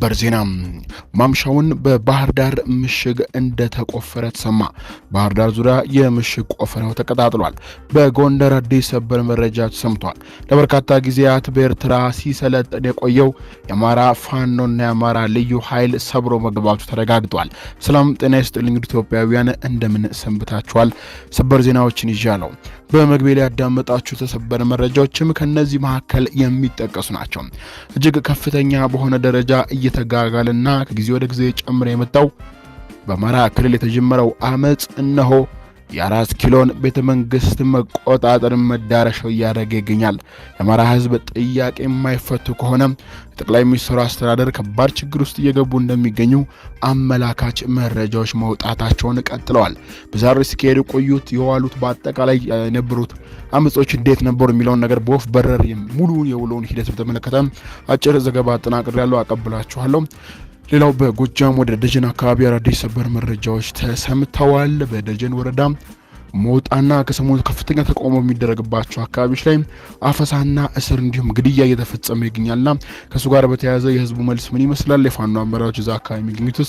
ሰበር ዜና ማምሻውን በባህር ዳር ምሽግ እንደተቆፈረ ተሰማ። ባህር ዳር ዙሪያ የምሽግ ቆፈራው ተቀጣጥሏል። በጎንደር አዲስ ሰበር መረጃ ተሰምቷል። ለበርካታ ጊዜያት በኤርትራ ሲሰለጥን የቆየው የአማራ ፋኖና የአማራ ልዩ ኃይል ሰብሮ መግባቱ ተረጋግጧል። ሰላም ጤና ይስጥልኝ ኢትዮጵያውያን፣ እንደምን ሰንብታችኋል? ሰበር ዜናዎችን ይዣለሁ። በመግቢያ ላይ ያዳመጣችሁ የተሰበረ መረጃዎችም ከነዚህ መካከል የሚጠቀሱ ናቸው። እጅግ ከፍተኛ በሆነ ደረጃ እየተጋጋለና ከጊዜ ወደ ጊዜ ጨምሮ የመጣው በአማራ ክልል የተጀመረው አመፅ እነሆ የአራት ኪሎን ቤተ መንግስት መቆጣጠር መዳረሻው እያደረገ ይገኛል። የአማራ ህዝብ ጥያቄ የማይፈቱ ከሆነ የጠቅላይ ሚኒስትሩ አስተዳደር ከባድ ችግር ውስጥ እየገቡ እንደሚገኙ አመላካች መረጃዎች መውጣታቸውን ቀጥለዋል። በዛሬ ሲካሄዱ ቆዩት የዋሉት በአጠቃላይ የነበሩት አመጾች እንዴት ነበሩ የሚለውን ነገር በወፍ በረር ሙሉ የውሎውን ሂደት በተመለከተ አጭር ዘገባ አጠናቅሬያለሁ፣ አቀብላችኋለሁ። ሌላው በጎጃም ወደ ደጀን አካባቢ አዳዲስ ሰበር መረጃዎች ተሰምተዋል። በደጀን ወረዳ ሞጣና ከሰሞኑ ከፍተኛ ተቃውሞ የሚደረግባቸው አካባቢዎች ላይ አፈሳና እስር እንዲሁም ግድያ እየተፈጸመ ይገኛልና ከእሱ ጋር በተያያዘ የህዝቡ መልስ ምን ይመስላል? የፋኖ አመራሮች እዛ አካባቢ የሚገኙት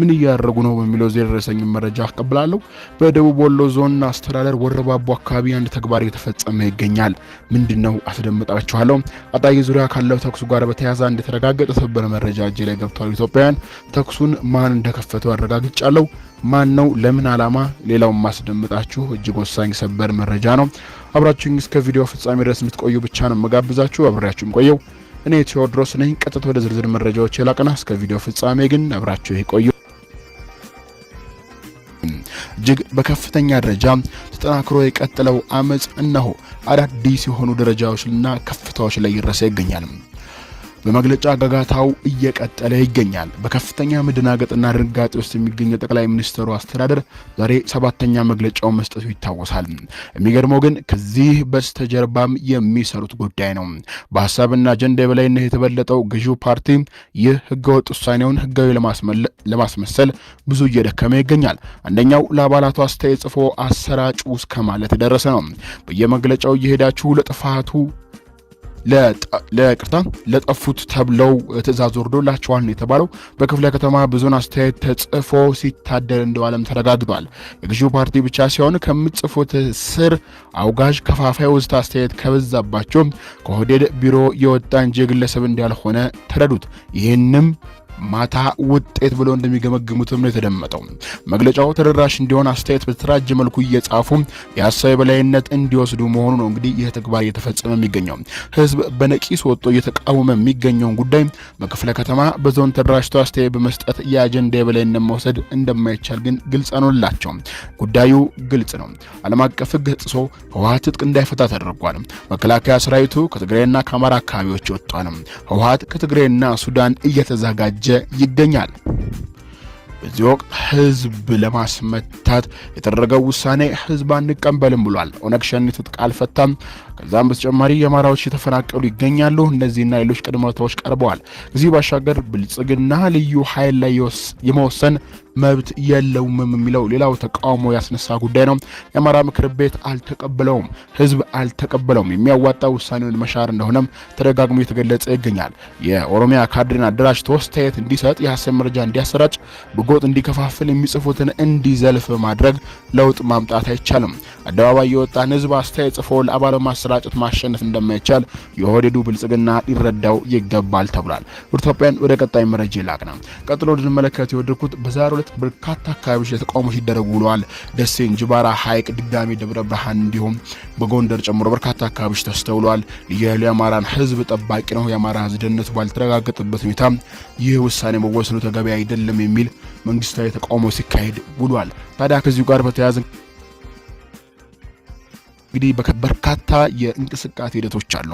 ምን እያደረጉ ነው በሚለው የደረሰኝ መረጃ አቀብላለሁ። በደቡብ ወሎ ዞን አስተዳደር ወረባቦ አካባቢ አንድ ተግባር እየተፈጸመ ይገኛል። ምንድን ነው? አስደምጣችኋለሁ። አጣዬ ዙሪያ ካለው ተኩስ ጋር በተያያዘ እንደተረጋገጠ ሰበር መረጃ እጅ ላይ ገብቷል። ኢትዮጵያውያን ተኩሱን ማን እንደከፈተው አረጋግጫለሁ። ማን ነው? ለምን ዓላማ? ሌላውን ማስደምጣችሁ እጅግ ወሳኝ ሰበር መረጃ ነው። አብራችሁኝ እስከ ቪዲዮ ፍጻሜ ድረስ የምትቆዩ ብቻ ነው መጋብዛችሁ። አብሬያችሁም ቆየው እኔ ቴዎድሮስ ነኝ። ቀጥታ ወደ ዝርዝር መረጃዎች የላቅና እስከ ቪዲዮ ፍጻሜ ግን አብራችሁ ይቆዩ። እጅግ በከፍተኛ ደረጃ ተጠናክሮ የቀጠለው አመፅ እነሆ አዳዲስ የሆኑ ደረጃዎችና ከፍታዎች ላይ እየደረሰ ይገኛል። በመግለጫ ጋጋታው እየቀጠለ ይገኛል። በከፍተኛ መደናገጥና ድንጋጤ ውስጥ የሚገኘው ጠቅላይ ሚኒስትሩ አስተዳደር ዛሬ ሰባተኛ መግለጫው መስጠቱ ይታወሳል። የሚገርመው ግን ከዚህ በስተጀርባም የሚሰሩት ጉዳይ ነው። በሀሳብና አጀንዳ የበላይነት የተበለጠው ገዢው ፓርቲ ይህ ህገወጥ ውሳኔውን ህጋዊ ለማስመሰል ብዙ እየደከመ ይገኛል። አንደኛው ለአባላቱ አስተያየት ጽፎ አሰራጩ እስከ ማለት የደረሰ ነው። በየመግለጫው እየሄዳችሁ ለጥፋቱ ለቅርታ ለጠፉት ተብለው ትእዛዝ ወርዶላቸዋል ነው የተባለው። በክፍለ ከተማ ብዙን አስተያየት ተጽፎ ሲታደር እንደዋለም ተረጋግጧል። የግዢው ፓርቲ ብቻ ሲሆን ከምጽፉት ስር አውጋዥ፣ ከፋፋይ ውስጥ አስተያየት ከበዛባቸው ከሆዴድ ቢሮ የወጣ እንጂ የግለሰብ እንዳልሆነ ተረዱት። ይህንም ማታ ውጤት ብሎ እንደሚገመግሙትም ነው የተደመጠው። መግለጫው ተደራሽ እንዲሆን አስተያየት በተደራጀ መልኩ እየጻፉ የሀሳብ የበላይነት እንዲወስዱ መሆኑ ነው። እንግዲህ ይህ ተግባር እየተፈጸመ የሚገኘው ህዝብ በነቂስ ወጥቶ እየተቃወመ የሚገኘውን ጉዳይ በክፍለ ከተማ በዞን ተደራጅቶ አስተያየት በመስጠት የአጀንዳ የበላይነት መውሰድ እንደማይቻል ግን ግልጽ ነውላቸው። ጉዳዩ ግልጽ ነው። ዓለም አቀፍ ህግ ተጥሶ ህወሀት ትጥቅ እንዳይፈታ ተደርጓል። መከላከያ ሰራዊቱ ከትግራይና ከአማራ አካባቢዎች ወጥቷል። ህወሀት ከትግራይና ሱዳን እየተዘጋጀ እየተዘጋጀ ይገኛል። በዚህ ወቅት ህዝብ ለማስመታት የተደረገው ውሳኔ ህዝብ አንቀበልም ብሏል። ኦነግ ሸኔ ትጥቅ አልፈታም፣ ከዛም በተጨማሪ የአማራዎች የተፈናቀሉ ይገኛሉ። እነዚህና ሌሎች ቅድመ ሁኔታዎች ቀርበዋል። ከዚህ ባሻገር ብልጽግና ልዩ ኃይል ላይ የመወሰን መብት የለውም የሚለው ሌላው ተቃውሞ ያስነሳ ጉዳይ ነው። የአማራ ምክር ቤት አልተቀበለውም፣ ህዝብ አልተቀበለውም። የሚያዋጣ ውሳኔውን መሻር እንደሆነም ተደጋግሞ የተገለጸ ይገኛል። የኦሮሚያ ካድሬን አደራጅቶ አስተያየት እንዲሰጥ፣ የሀሰብ መረጃ እንዲያሰራጭ፣ በጎጥ እንዲከፋፍል፣ የሚጽፉትን እንዲዘልፍ ማድረግ ለውጥ ማምጣት አይቻልም። አደባባይ የወጣን ህዝብ አስተያየት ጽፎ ለአባል በማሰራጨት ማሸነፍ እንደማይቻል የወደዱ ብልጽግና ሊረዳው ይገባል ተብሏል። ኢትዮጵያን ወደ ቀጣይ መረጃ ይላክ ነው። ቀጥሎ እንድንመለከት የወደድኩት በዛሬው ዕለት በርካታ አካባቢዎች ተቃውሞ ሲደረጉ ውለዋል። ደሴ፣ እንጅባራ፣ ሐይቅ፣ ድጋሚ ደብረ ብርሃን እንዲሁም በጎንደር ጨምሮ በርካታ አካባቢዎች ተስተውለዋል። ልዩ ኃይሉ የአማራን ሕዝብ ጠባቂ ነው። የአማራ ሕዝብ ደህንነቱ ባልተረጋገጠበት ሁኔታ ይህ ውሳኔ መወሰኑ ተገቢ አይደለም የሚል መንግስታዊ ተቃውሞ ሲካሄድ ውሏል። ታዲያ ከዚሁ ጋር በተያያዘ እንግዲህ በርካታ የእንቅስቃሴ ሂደቶች አሉ።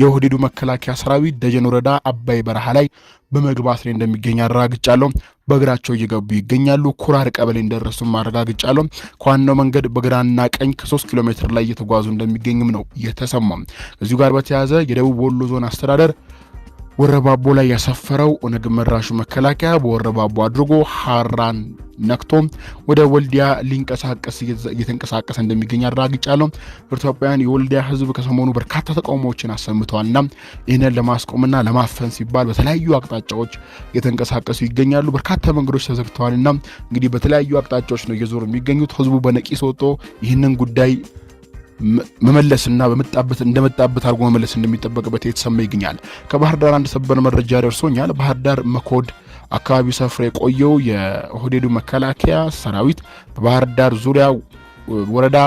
የኦህዴዱ መከላከያ ሰራዊት ደጀን ወረዳ አባይ በረሃ ላይ በመግባት ላይ እንደሚገኝ አረጋግጫለሁ። በእግራቸው እየገቡ ይገኛሉ። ኩራር ቀበሌ እንደደረሱም አረጋግጫለሁ። ከዋናው መንገድ በግራና ቀኝ ከሶስት ኪሎ ሜትር ላይ እየተጓዙ እንደሚገኝም ነው የተሰማም። ከዚሁ ጋር በተያያዘ የደቡብ ወሎ ዞን አስተዳደር ወረባቦ ላይ ያሰፈረው ኦነግ መራሹ መከላከያ በወረባቦ አድርጎ ሀራን ነክቶ ወደ ወልዲያ ሊንቀሳቀስ እየተንቀሳቀሰ እንደሚገኝ አረጋግጫለሁ። ኢትዮጵያውያን የወልዲያ ህዝብ ከሰሞኑ በርካታ ተቃውሞዎችን አሰምተዋልና ይህንን ለማስቆምና ለማፈን ሲባል በተለያዩ አቅጣጫዎች እየተንቀሳቀሱ ይገኛሉ። በርካታ መንገዶች ተዘግተዋልና እንግዲህ በተለያዩ አቅጣጫዎች ነው እየዞሩ የሚገኙት። ህዝቡ በነቂስ ወጥቶ ይህንን ጉዳይ መመለስና በመጣበት እንደመጣበት አድርጎ መመለስ እንደሚጠበቅበት የተሰማ ይገኛል። ከባህር ዳር አንድ ሰበር መረጃ ደርሶኛል። ባህር ዳር መኮድ አካባቢው ሰፍሮ የቆየው የኦህዴዱ መከላከያ ሰራዊት በባህር ዳር ዙሪያ ወረዳ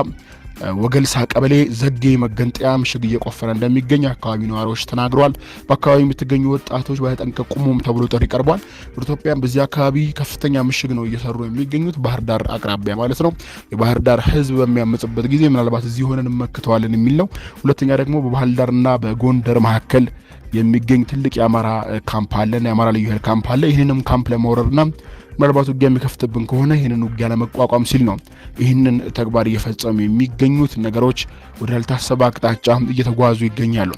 ወገልሳ ቀበሌ ዘጌ መገንጠያ ምሽግ እየቆፈረ እንደሚገኝ አካባቢ ነዋሪዎች ተናግረዋል። በአካባቢ የምትገኙ ወጣቶች በተጠንቀቅ ቁሙም ተብሎ ጥሪ ቀርቧል። ኢትዮጵያም በዚህ አካባቢ ከፍተኛ ምሽግ ነው እየሰሩ የሚገኙት ባህር ዳር አቅራቢያ ማለት ነው። የባህር ዳር ህዝብ በሚያመጽበት ጊዜ ምናልባት እዚህ ሆነን እንመክተዋለን የሚል ነው። ሁለተኛ ደግሞ በባህር ዳርና በጎንደር መካከል የሚገኝ ትልቅ የአማራ ካምፕ አለ የአማራ ልዩ ኃይል ካምፕ አለ። ይህንንም ካምፕ ለመውረርና ምናልባት ውጊያ የሚከፍትብን ከሆነ ይህንን ውጊያ ለመቋቋም ሲል ነው ይህንን ተግባር እየፈጸሙ የሚገኙት ነገሮች ወደ ያልታሰበ አቅጣጫ እየተጓዙ ይገኛሉ።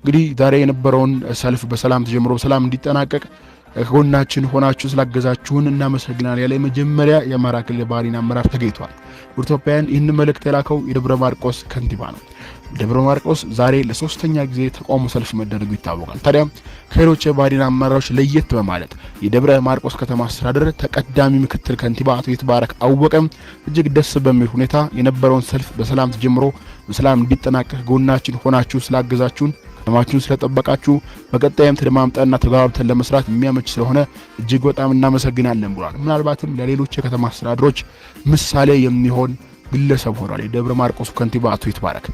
እንግዲህ ዛሬ የነበረውን ሰልፍ በሰላም ተጀምሮ በሰላም እንዲጠናቀቅ ከጎናችን ሆናችሁ ስላገዛችሁን እናመሰግናል ያለ መጀመሪያ የአማራ ክልል ባህሪን አመራር ተገኝቷል። ኢትዮጵያውያን ይህን መልእክት የላከው የደብረ ማርቆስ ከንቲባ ነው። ደብረ ማርቆስ ዛሬ ለሶስተኛ ጊዜ ተቃውሞ ሰልፍ መደረጉ ይታወቃል። ታዲያ ከሌሎች የባዴን አመራሮች ለየት በማለት የደብረ ማርቆስ ከተማ አስተዳደር ተቀዳሚ ምክትል ከንቲባ አቶ ይትባረክ አወቀም እጅግ ደስ በሚል ሁኔታ የነበረውን ሰልፍ በሰላም ተጀምሮ በሰላም እንዲጠናቀቅ ጎናችን ሆናችሁ ስላገዛችሁን ከተማችሁን ስለጠበቃችሁ በቀጣይም ተደማምጠንና ተጋባብተን ለመስራት የሚያመች ስለሆነ እጅግ በጣም እናመሰግናለን ብሏል። ምናልባትም ለሌሎች የከተማ አስተዳደሮች ምሳሌ የሚሆን ግለሰብ ሆኗል። የደብረ ማርቆሱ ከንቲባ አቶ ይትባረክ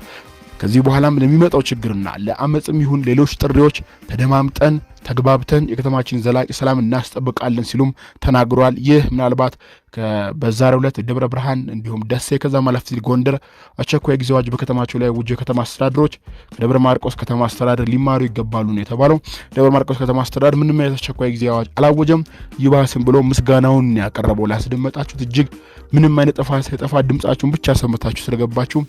ከዚህ በኋላም ለሚመጣው ችግርና ለአመፅም ይሁን ሌሎች ጥሪዎች ተደማምጠን ተግባብተን የከተማችን ዘላቂ ሰላም እናስጠብቃለን ሲሉም ተናግሯል። ይህ ምናልባት በዛሬው ዕለት ደብረ ብርሃን እንዲሁም ደሴ ከዛ ማለፍ ሲል ጎንደር አስቸኳይ ጊዜ አዋጅ በከተማቸው ላይ ውጅ የከተማ አስተዳደሮች ከደብረ ማርቆስ ከተማ አስተዳደር ሊማሩ ይገባሉ ነው የተባለው። ደብረ ማርቆስ ከተማ አስተዳደር ምንም አይነት አስቸኳይ ጊዜ አዋጅ አላወጀም። ይባስም ብሎ ምስጋናውን ያቀረበው ላስደመጣችሁት እጅግ ምንም አይነት ጠፋ ሳይጠፋ ድምጻችሁን ብቻ ሰምታችሁ ስለገባችሁ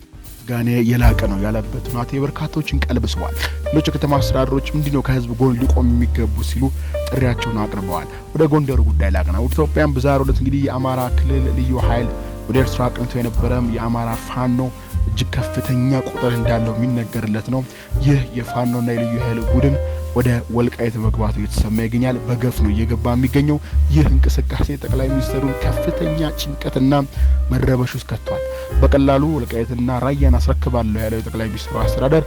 ምስጋና የላቀ ነው ያለበት ሁናቴ በርካቶችን ቀልብሰዋል። ሌሎች የከተማ አስተዳደሮች ምንድነው ከህዝብ ጎን ሊቆም የሚገቡ ሲሉ ጥሪያቸውን አቅርበዋል። ወደ ጎንደር ጉዳይ ላቅና ወደ ኢትዮጵያን በዛሬው ዕለት እንግዲህ የአማራ ክልል ልዩ ኃይል ወደ ኤርትራ አቅንቶ የነበረም የአማራ ፋኖ እጅግ ከፍተኛ ቁጥር እንዳለው የሚነገርለት ነው። ይህ የፋኖና የልዩ ኃይል ቡድን ወደ ወልቃይት መግባቱ እየተሰማ ይገኛል። በገፍ ነው እየገባ የሚገኘው። ይህ እንቅስቃሴ ጠቅላይ ሚኒስትሩን ከፍተኛ ጭንቀትና መረበሽ ውስጥ ከቷል። በቀላሉ ወልቃይትና ራያን አስረክባለሁ ያለው የጠቅላይ ሚኒስትሩ አስተዳደር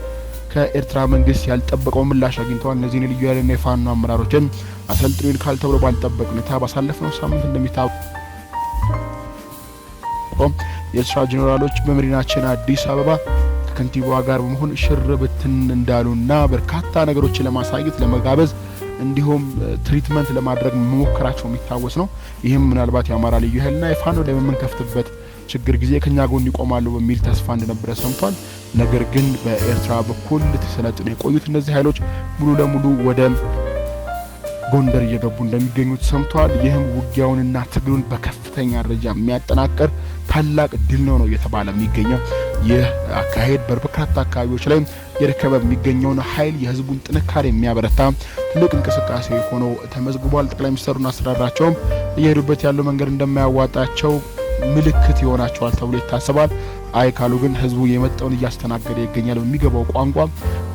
ከኤርትራ መንግስት ያልጠበቀው ምላሽ አግኝተዋል። እነዚህን ልዩ ኃይልና የፋኖ አመራሮችን አሰልጥኑ ይልካል ተብሎ ባልጠበቅ ሁኔታ ባሳለፍነው ሳምንት እንደሚታወቀው የኤርትራ ጀኔራሎች በመዲናችን አዲስ አበባ ከከንቲባዋ ጋር በመሆን ሽር ብትን እንዳሉና በርካታ ነገሮችን ለማሳየት ለመጋበዝ እንዲሁም ትሪትመንት ለማድረግ መሞከራቸው የሚታወስ ነው። ይህም ምናልባት የአማራ ልዩ ኃይልና የፋኖ ላይ የምንከፍትበት ችግር ጊዜ ከኛ ጎን ይቆማሉ በሚል ተስፋ እንደነበረ ሰምቷል። ነገር ግን በኤርትራ በኩል ተሰለጥነው የቆዩት እነዚህ ኃይሎች ሙሉ ለሙሉ ወደ ጎንደር እየገቡ እንደሚገኙት ሰምቷል። ይህም ውጊያውንና ትግሉን በከፍተኛ ደረጃ የሚያጠናቅር ታላቅ ድል ነው ነው እየተባለ የሚገኘው። ይህ አካሄድ በበርካታ አካባቢዎች ላይ የረከበ የሚገኘውን ኃይል የህዝቡን ጥንካሬ የሚያበረታ ትልቅ እንቅስቃሴ ሆኖ ተመዝግቧል። ጠቅላይ ሚኒስትሩና አስተዳድራቸውም እየሄዱበት ያለው መንገድ እንደማያዋጣቸው ምልክት ይሆናቸዋል ተብሎ ይታሰባል። አይ ካሉ ግን ህዝቡ የመጣውን እያስተናገደ ይገኛል። በሚገባው ቋንቋ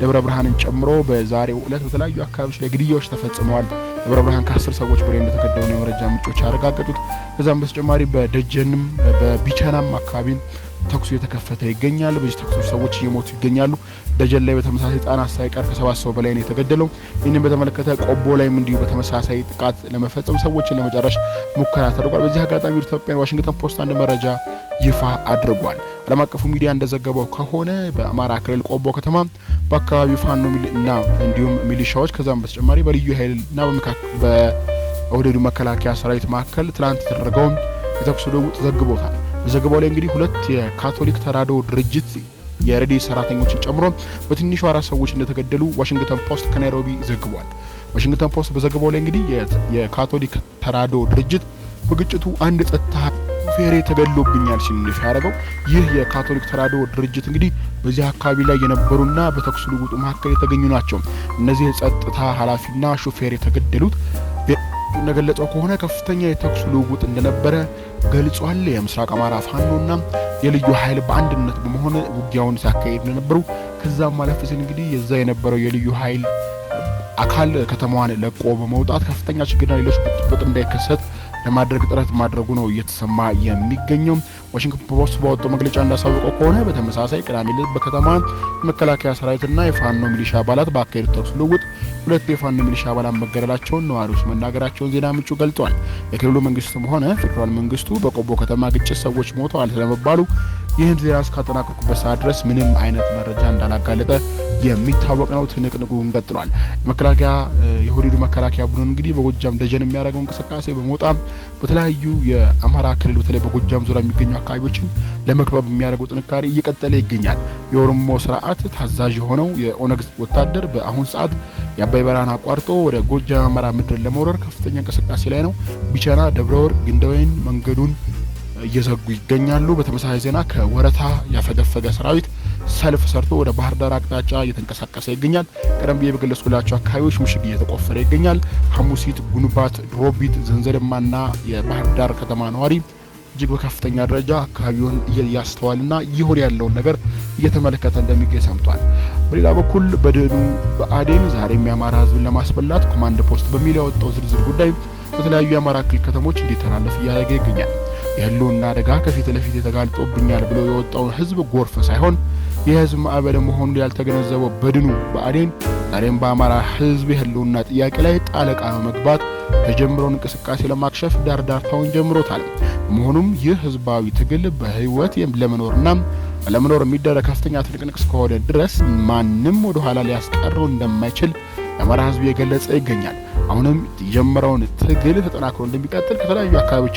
ደብረ ብርሃንን ጨምሮ በዛሬው እለት በተለያዩ አካባቢዎች ላይ ግድያዎች ተፈጽመዋል። ደብረ ብርሃን ከአስር ሰዎች በላይ እንደተገደሉ የመረጃ ምንጮች ያረጋገጡት። ከዛም በተጨማሪ በደጀንም በቢቸናም አካባቢ ተኩሱ የተከፈተ ይገኛል። በዚህ ተኩሶች ሰዎች እየሞቱ ይገኛሉ። ደጀን ላይ በተመሳሳይ ህጻናት ሳይቀር ከሰባት ሰው በላይ ነው የተገደለው። ይህንን በተመለከተ ቆቦ ላይም እንዲሁ በተመሳሳይ ጥቃት ለመፈጸም ሰዎችን ለመጨረሽ ሙከራ ተደርጓል። በዚህ አጋጣሚ ኢትዮጵያን ዋሽንግተን ፖስት አንድ መረጃ ይፋ አድርጓል። ዓለም አቀፉ ሚዲያ እንደዘገበው ከሆነ በአማራ ክልል ቆቦ ከተማ በአካባቢው ፋኖ እና እንዲሁም ሚሊሻዎች ከዛም በተጨማሪ በልዩ ኃይል እና በኦህዴዱ መከላከያ ሰራዊት መካከል ትላንት የተደረገውን የተኩስ ልውውጥ ዘግቦታል። በዘገባው ላይ እንግዲህ ሁለት የካቶሊክ ተራድኦ ድርጅት የረድኤት ሰራተኞችን ጨምሮ በትንሹ አራት ሰዎች እንደተገደሉ ዋሽንግተን ፖስት ከናይሮቢ ዘግቧል። ዋሽንግተን ፖስት በዘገባው ላይ እንግዲህ የካቶሊክ ተራዶ ድርጅት በግጭቱ አንድ ጸጥታ ፌሬ ተገድሎብኛል ሲል ንፍ ያደረገው ይህ የካቶሊክ ተራዶ ድርጅት እንግዲህ በዚህ አካባቢ ላይ የነበሩና በተኩስ ልውውጡ መካከል የተገኙ ናቸው። እነዚህ የጸጥታ ኃላፊና ሹፌር የተገደሉት እንደገለጸው ከሆነ ከፍተኛ የተኩስ ልውውጥ እንደነበረ ገልጿል። የምስራቅ አማራ ፋኖና የልዩ ኃይል በአንድነት በመሆን ውጊያውን ሲያካሄድ እንደነበሩ ከዛም ማለፍ ሲል እንግዲህ የዛ የነበረው የልዩ ኃይል አካል ከተማዋን ለቆ በመውጣት ከፍተኛ ችግርና ሌሎች ቁጥጥር እንዳይከሰት ለማድረግ ጥረት ማድረጉ ነው እየተሰማ የሚገኘው። ዋሽንግተን ፖስት ባወጣው መግለጫ እንዳሳወቀው ከሆነ በተመሳሳይ ቅዳሜ ዕለት በከተማ መከላከያ ሰራዊትና የፋኖ ሚሊሻ አባላት በአካሄዱ ተኩስ ልውውጥ ሁለት የፋኖ ሚሊሻ አባላት መገደላቸውን ነዋሪዎች መናገራቸውን ዜና ምንጩ ገልጠዋል። የክልሉ መንግስትም ሆነ ፌዴራል መንግስቱ በቆቦ ከተማ ግጭት ሰዎች ሞተዋል ስለመባሉ ይህን ዜና እስካጠናቀቁበት ሰዓት ድረስ ምንም አይነት መረጃ እንዳላጋለጠ የሚታወቅ ነው። ትንቅንቁም ቀጥሏል። መከላከያ የሁዲዱ መከላከያ ቡድን እንግዲህ በጎጃም ደጀን የሚያደርገው እንቅስቃሴ በመውጣም በተለያዩ የአማራ ክልል በተለይ በጎጃም ዙሪያ የሚገኙ አካባቢዎችን ለመክበብ የሚያደርገው ጥንካሬ እየቀጠለ ይገኛል። የኦሮሞ ስርዓት ታዛዥ የሆነው የኦነግ ወታደር በአሁን ሰዓት የአባይ በረሃን አቋርጦ ወደ ጎጃም አማራ ምድር ለመውረር ከፍተኛ እንቅስቃሴ ላይ ነው። ቢቸና፣ ደብረ ወርቅ፣ ግንደወይን መንገዱን እየዘጉ ይገኛሉ። በተመሳሳይ ዜና ከወረታ ያፈገፈገ ሰራዊት ሰልፍ ሰርቶ ወደ ባህር ዳር አቅጣጫ እየተንቀሳቀሰ ይገኛል። ቀደም ብዬ በገለጽኩላቸው አካባቢዎች ምሽግ እየተቆፈረ ይገኛል። ሐሙሲት፣ ጉንባት፣ ድሮቢት፣ ዘንዘልማና የባህር ዳር ከተማ ነዋሪ እጅግ በከፍተኛ ደረጃ አካባቢውን እያስተዋልና ይሁን ያለውን ነገር እየተመለከተ እንደሚገኝ ሰምቷል። በሌላ በኩል በደኑ በአዴን ዛሬም የአማራ ሕዝብን ለማስበላት ኮማንድ ፖስት በሚል ያወጣው ዝርዝር ጉዳይ በተለያዩ የአማራ ክልል ከተሞች እንዲተላለፍ እያደረገ ይገኛል። የህልውና አደጋ ከፊት ለፊት የተጋልጦብኛል ብሎ የወጣውን ሕዝብ ጎርፍ ሳይሆን የህዝብ ማዕበል መሆኑን ያልተገነዘበው በድኑ ብአዴን ዛሬም በአማራ ህዝብ የህልውና ጥያቄ ላይ ጣለቃ በመግባት የጀመረውን እንቅስቃሴ ለማክሸፍ ዳርዳርታውን ጀምሮታል። መሆኑም ይህ ህዝባዊ ትግል በህይወት ለመኖርና ለመኖር የሚደረግ ከፍተኛ ትንቅንቅ እስከሆነ ድረስ ማንም ወደ ኋላ ሊያስቀረው እንደማይችል የአማራ ህዝብ የገለጸ ይገኛል። አሁንም የጀመረውን ትግል ተጠናክሮ እንደሚቀጥል ከተለያዩ አካባቢዎች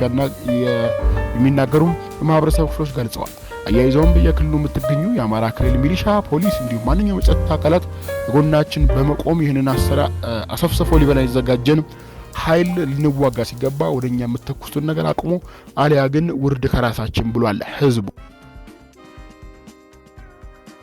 የሚናገሩ የማህበረሰብ ክፍሎች ገልጸዋል። አያይዘውም በየክልሉ የምትገኙ የአማራ ክልል ሚሊሻ፣ ፖሊስ እንዲሁም ማንኛውም የጸጥታ አካላት ጎናችን በመቆም ይህንን አሰራ አሰፍሰፎ ሊበላ የተዘጋጀን ኃይል ልንዋጋ ሲገባ ወደ እኛ የምትተኩሱን ነገር አቁሙ፣ አሊያ ግን ውርድ ከራሳችን ብሏል ህዝቡ።